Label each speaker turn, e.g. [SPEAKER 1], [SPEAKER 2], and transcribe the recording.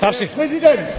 [SPEAKER 1] Darf ich? Herr Präsident!